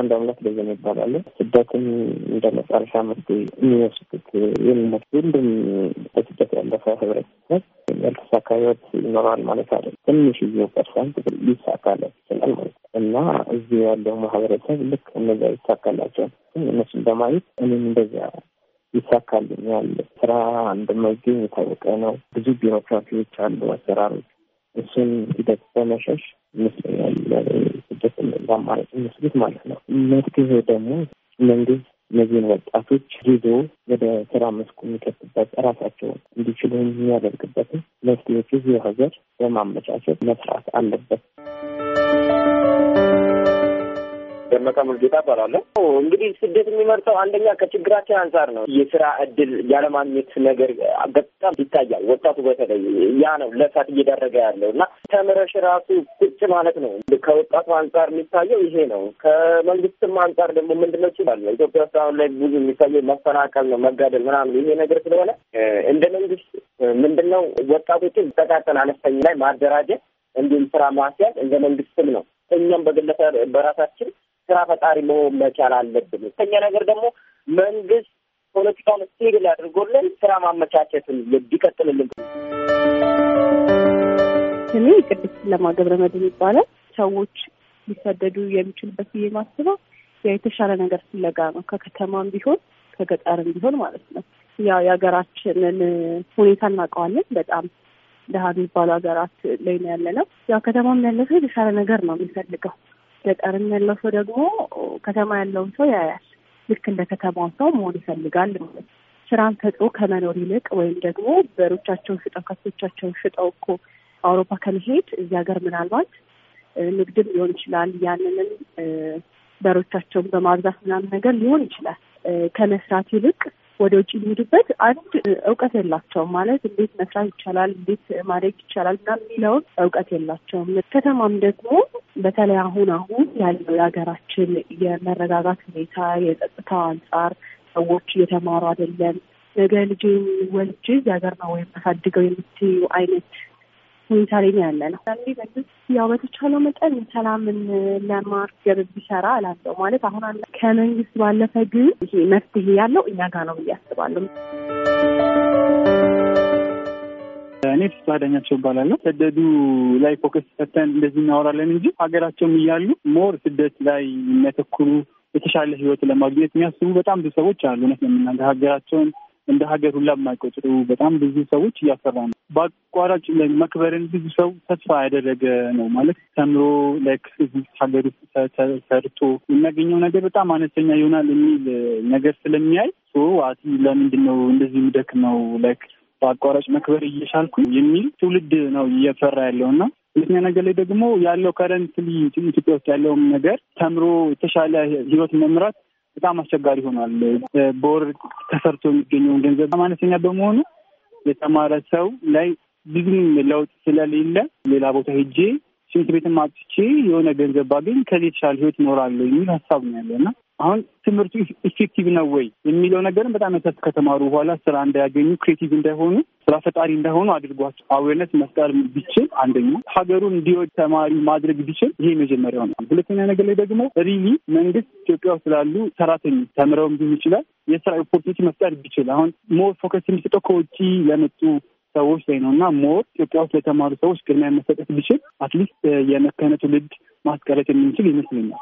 አንድ አምላክ በዘመ ይባላሉ። ስደትን እንደ መጨረሻ መፍትሄ የሚወስዱት የሚነት ሁሉም በስደት ያለፈ ህብረተሰብ ያልተሳካ ህይወት ይኖራል ማለት አይደለም። ትንሽዬው ፐርሰንት ሊሳካለት ይችላል ማለት ነው እና እዚህ ያለው ማህበረሰብ ልክ እነዚያ ይሳካላቸው እነሱ በማየት እኔም እንደዚያ ይሳካልኛል። ስራ እንደማይገኝ የታወቀ ነው። ብዙ ቢሮክራሲዎች አሉ፣ አሰራሮች እሱን ሂደት በመሸሽ ይመስለኛል ስደት በአማራጭ የሚወስዱት ማለት ነው። መፍትሄ ደግሞ መንግስት እነዚህን ወጣቶች ይዞ ወደ ስራ መስኩ የሚከትበት ራሳቸውን እንዲችሉ የሚያደርግበትን መፍትሄዎች እዚሁ ሀገር በማመቻቸት መስራት አለበት። ደመቀ ሙልጌታ እባላለሁ። እንግዲህ ስደት የሚመርጠው አንደኛ ከችግራችን አንጻር ነው። የስራ እድል ያለማግኘት ነገር በጣም ይታያል። ወጣቱ በተለይ ያ ነው ለሳት እየዳረገ ያለው እና ተምረሽ ራሱ ቁጭ ማለት ነው። ከወጣቱ አንጻር የሚታየው ይሄ ነው። ከመንግስትም አንጻር ደግሞ ምንድነው ይችላል ኢትዮጵያ ውስጥ አሁን ላይ ብዙ የሚታየው መፈናቀል ነው፣ መጋደል ምናምን ይሄ ነገር ስለሆነ እንደ መንግስት ምንድነው ወጣቶችን ተቃጠል አነስተኛ ላይ ማደራጀት እንዲሁም ስራ ማስያዝ እንደ መንግስትም ነው። እኛም በግለሰብ በራሳችን ስራ ፈጣሪ መሆን መቻል አለብን። ሁለተኛ ነገር ደግሞ መንግስት ፖለቲካውን ስቴብል አድርጎልን ስራ ማመቻቸትን ቢቀጥልልን። ስሜ ቅድስት ለማገብረ መድን ይባላል። ሰዎች ሊሰደዱ የሚችልበት ብዬ ማስበው ያ የተሻለ ነገር ፍለጋ ነው። ከከተማም ቢሆን ከገጠርም ቢሆን ማለት ነው። ያው የሀገራችንን ሁኔታ እናውቀዋለን። በጣም ደሀ የሚባሉ ሀገራት ላይ ነው ያለ ነው። ያው ከተማም ያለ ሰው የተሻለ ነገር ነው የሚፈልገው ገጠርም ያለው ሰው ደግሞ ከተማ ያለውን ሰው ያያል። ልክ እንደ ከተማው ሰው መሆን ይፈልጋል ማለት ስራን ፈጥሮ ከመኖር ይልቅ ወይም ደግሞ በሮቻቸውን ሽጠው ከብቶቻቸውን ሽጠው እኮ አውሮፓ ከመሄድ እዚህ ሀገር ምናልባት ንግድም ሊሆን ይችላል ያንንም በሮቻቸውን በማብዛት ምናምን ነገር ሊሆን ይችላል ከመስራት ይልቅ ወደ ውጭ የሚሄዱበት አንድ እውቀት የላቸውም። ማለት እንዴት መስራት ይቻላል፣ እንዴት ማድረግ ይቻላል እና የሚለውን እውቀት የላቸውም። ከተማም ደግሞ በተለይ አሁን አሁን ያለው የሀገራችን የመረጋጋት ሁኔታ የጸጥታው አንጻር ሰዎች እየተማሩ አይደለም። ነገ ልጅ ወልጅ የሀገር ነው ወይም አሳድገው የምትዩ አይነት ሁኔታ ላይ ነው ያለ ነው። መንግስት ያው በተቻለው መጠን ሰላምን ለማስገብ ቢሰራ እላለሁ። ማለት አሁን አለ ከመንግስት ባለፈ ግን ይሄ መፍትሄ ያለው እኛ ጋር ነው ብዬ አስባለሁ። እኔ ፍስሀ ዳኛቸው እባላለሁ። ስደዱ ላይ ፎከስ ሰተን እንደዚህ እናወራለን እንጂ ሀገራቸውም እያሉ ሞር ስደት ላይ የሚያተኩሩ የተሻለ ህይወት ለማግኘት የሚያስቡ በጣም ብዙ ሰዎች አሉ። እውነት ነው ሀገራቸውን እንደ ሀገር ሁላ የማይቆጥሩ በጣም ብዙ ሰዎች እያሰራ በአቋራጭ መክበርን ብዙ ሰው ተስፋ ያደረገ ነው ማለት ተምሮ ሀገር ውስጥ ሰርቶ የሚያገኘው ነገር በጣም አነስተኛ ይሆናል የሚል ነገር ስለሚያይ አቲ ለምንድን ነው እንደዚህ ነው ላይክ በአቋራጭ መክበር እየሻልኩ የሚል ትውልድ ነው እየፈራ ያለው እና ሁለተኛ ነገር ላይ ደግሞ ያለው ከረንትሊ ኢትዮጵያ ውስጥ ያለውም ነገር ተምሮ የተሻለ ህይወት መምራት በጣም አስቸጋሪ ሆኗል። በወር ተሰርቶ የሚገኘውን ገንዘብ አነስተኛ በመሆኑ የተማረ ሰው ላይ ብዙም ለውጥ ስለሌለ ሌላ ቦታ ሄጄ ሽንት ቤትም አጥቼ የሆነ ገንዘብ ባገኝ ከዚህ የተሻለ ህይወት እኖራለሁ የሚል ሀሳብ ነው ያለና አሁን ትምህርቱ ኢፌክቲቭ ነው ወይ የሚለው ነገርም በጣም የተስ ከተማሩ በኋላ ስራ እንዳያገኙ ክሬቲቭ እንዳይሆኑ ስራ ፈጣሪ እንዳይሆኑ አድርጓቸው አዌርነት መፍጠር ቢችል አንደኛ ሀገሩን እንዲወድ ተማሪ ማድረግ ቢችል ይሄ መጀመሪያው ነው። ሁለተኛ ነገር ላይ ደግሞ ሪሊ መንግስት ኢትዮጵያ ውስጥ ላሉ ሰራተኞች ተምረውም ቢሆን ይችላል የስራ ኦፖርቲኒቲ መፍጠር ቢችል አሁን ሞር ፎከስ የሚሰጠው ከውጭ ለመጡ ሰዎች ላይ ነው እና ሞር ኢትዮጵያ ውስጥ ለተማሩ ሰዎች ቅድሚያ መሰጠት ቢችል አትሊስት የመከነ ትውልድ ማስቀረት የምንችል ይመስለኛል።